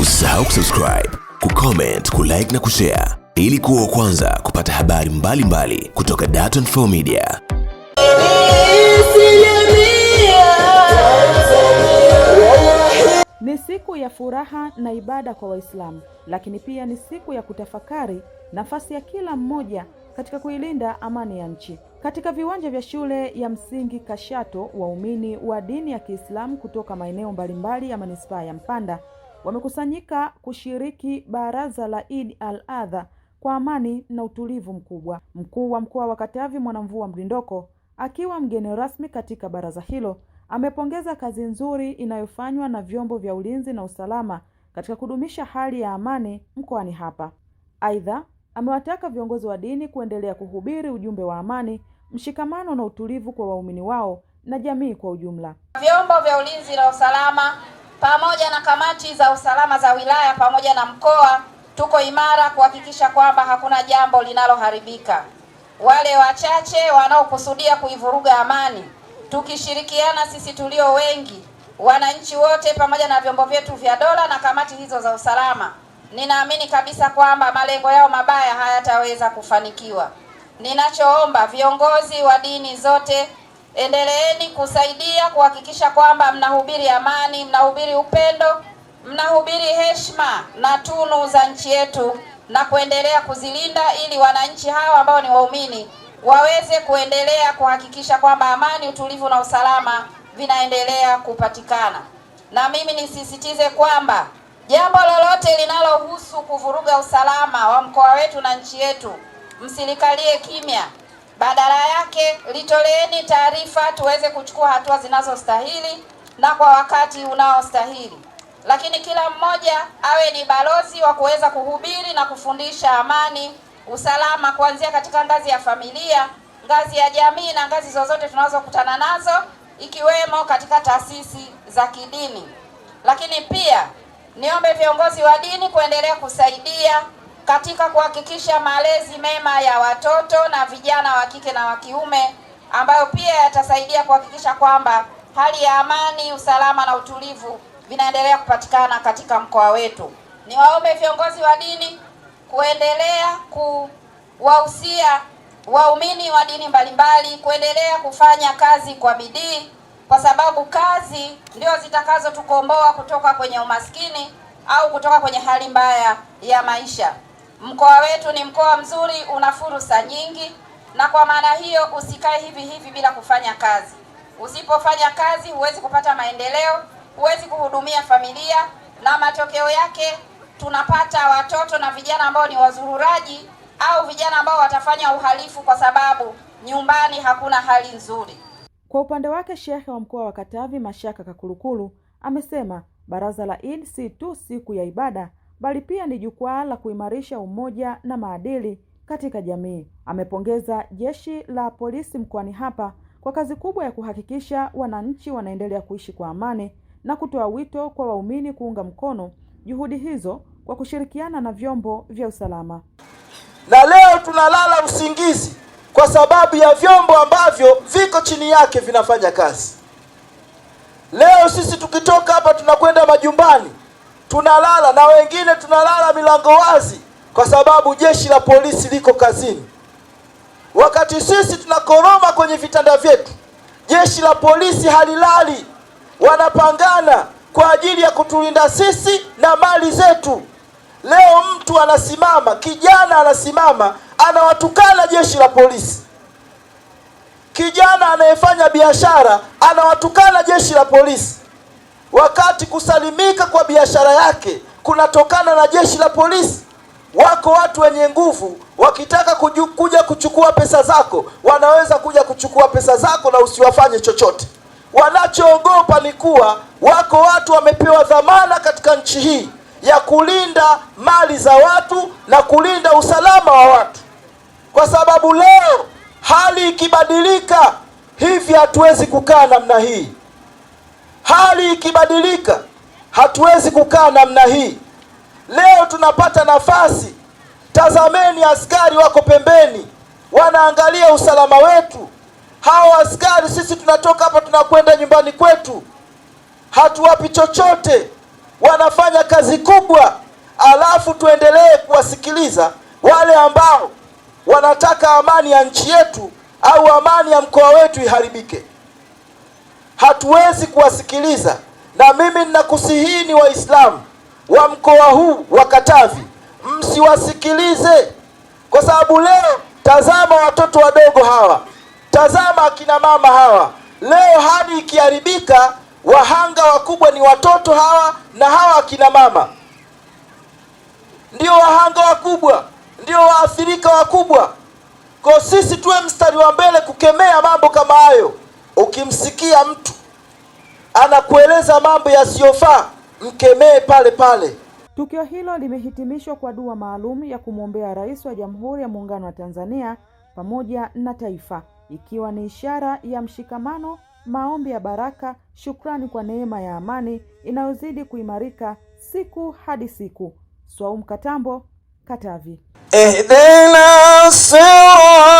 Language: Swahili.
Usisahau kusubscribe, kucomment, kulike na kushare ili kuwa kwanza kupata habari mbalimbali mbali kutoka Dar24 Media. Ni siku ya furaha na ibada kwa Waislamu, lakini pia ni siku ya kutafakari nafasi ya kila mmoja katika kuilinda amani ya nchi. Katika viwanja vya shule ya msingi Kashato, waumini wa dini ya Kiislamu kutoka maeneo mbalimbali ya manispaa ya Mpanda wamekusanyika kushiriki baraza la Eid al-Adha kwa amani na utulivu mkubwa. Mkuu wa mkoa wa Katavi Mwanamvua Mlindoko akiwa mgeni rasmi katika baraza hilo amepongeza kazi nzuri inayofanywa na vyombo vya ulinzi na usalama katika kudumisha hali ya amani mkoani hapa. Aidha, amewataka viongozi wa dini kuendelea kuhubiri ujumbe wa amani, mshikamano na utulivu kwa waumini wao na jamii kwa ujumla. Vyombo vya ulinzi na usalama pamoja na kamati za usalama za wilaya pamoja na mkoa tuko imara kuhakikisha kwamba hakuna jambo linaloharibika. Wale wachache wanaokusudia kuivuruga amani, tukishirikiana sisi tulio wengi, wananchi wote, pamoja na vyombo vyetu vya dola na kamati hizo za usalama, ninaamini kabisa kwamba malengo yao mabaya hayataweza kufanikiwa. Ninachoomba viongozi wa dini zote Endeleeni kusaidia kuhakikisha kwamba mnahubiri amani, mnahubiri upendo, mnahubiri heshima na tunu za nchi yetu na kuendelea kuzilinda ili wananchi hawa ambao ni waumini waweze kuendelea kuhakikisha kwamba amani, utulivu na usalama vinaendelea kupatikana. Na mimi nisisitize kwamba jambo lolote linalohusu kuvuruga usalama wa mkoa wetu na nchi yetu, msilikalie kimya. Badala yake litoleeni taarifa tuweze kuchukua hatua zinazostahili na kwa wakati unaostahili. Lakini kila mmoja awe ni balozi wa kuweza kuhubiri na kufundisha amani, usalama kuanzia katika ngazi ya familia, ngazi ya jamii na ngazi zozote tunazokutana nazo ikiwemo katika taasisi za kidini. Lakini pia niombe viongozi wa dini kuendelea kusaidia katika kuhakikisha malezi mema ya watoto na vijana wa kike na wa kiume, ambayo pia yatasaidia kuhakikisha kwamba hali ya amani, usalama na utulivu vinaendelea kupatikana katika mkoa wetu. Niwaombe viongozi wa dini kuendelea kuwahusia waumini wa dini mbalimbali kuendelea kufanya kazi kwa bidii, kwa sababu kazi ndio zitakazotukomboa kutoka kwenye umaskini au kutoka kwenye hali mbaya ya maisha. Mkoa wetu ni mkoa mzuri, una fursa nyingi, na kwa maana hiyo usikae hivi hivi bila kufanya kazi. Usipofanya kazi, huwezi kupata maendeleo, huwezi kuhudumia familia, na matokeo yake tunapata watoto na vijana ambao ni wazururaji au vijana ambao watafanya uhalifu kwa sababu nyumbani hakuna hali nzuri. Kwa upande wake, shehe wa mkoa wa Katavi Mashaka Kakulukulu amesema baraza la Eid si tu siku ya ibada bali pia ni jukwaa la kuimarisha umoja na maadili katika jamii. Amepongeza jeshi la polisi mkoani hapa kwa kazi kubwa ya kuhakikisha wananchi wanaendelea kuishi kwa amani na kutoa wito kwa waumini kuunga mkono juhudi hizo kwa kushirikiana na vyombo vya usalama. Na leo tunalala usingizi kwa sababu ya vyombo ambavyo viko chini yake vinafanya kazi. Leo sisi tukitoka hapa tunakwenda majumbani tunalala na wengine tunalala milango wazi, kwa sababu jeshi la polisi liko kazini. Wakati sisi tunakoroma kwenye vitanda vyetu, jeshi la polisi halilali, wanapangana kwa ajili ya kutulinda sisi na mali zetu. Leo mtu anasimama, kijana anasimama, anawatukana jeshi la polisi. Kijana anayefanya biashara anawatukana jeshi la polisi wakati kusalimika kwa biashara yake kunatokana na jeshi la polisi. Wako watu wenye nguvu wakitaka kuju, kuja kuchukua pesa zako, wanaweza kuja kuchukua pesa zako na usiwafanye chochote. Wanachoogopa ni kuwa wako watu wamepewa dhamana katika nchi hii ya kulinda mali za watu na kulinda usalama wa watu, kwa sababu leo hali ikibadilika hivi, hatuwezi kukaa namna hii. Hali ikibadilika, hatuwezi kukaa namna hii. Leo tunapata nafasi, tazameni, askari wako pembeni, wanaangalia usalama wetu. Hawa askari sisi tunatoka hapa tunakwenda nyumbani kwetu, hatuwapi chochote, wanafanya kazi kubwa. Alafu tuendelee kuwasikiliza wale ambao wanataka amani ya nchi yetu au amani ya mkoa wetu iharibike hatuwezi kuwasikiliza. Na mimi ninakusihini Waislamu wa mkoa huu wa Katavi, msiwasikilize kwa sababu leo, tazama watoto wadogo hawa, tazama akina mama hawa, leo hali ikiharibika, wahanga wakubwa ni watoto hawa, na hawa akina mama ndio wahanga wakubwa, ndio waathirika wakubwa. Kwa sisi tuwe mstari wa mbele kukemea mambo kama hayo. Ukimsikia mtu anakueleza mambo yasiyofaa, mkemee pale pale. Tukio hilo limehitimishwa kwa dua maalum ya kumwombea Rais wa Jamhuri ya Muungano wa Tanzania pamoja na taifa, ikiwa ni ishara ya mshikamano, maombi ya baraka, shukrani kwa neema ya amani inayozidi kuimarika siku hadi siku. Swaum Katambo, Katavi. Ehdena sira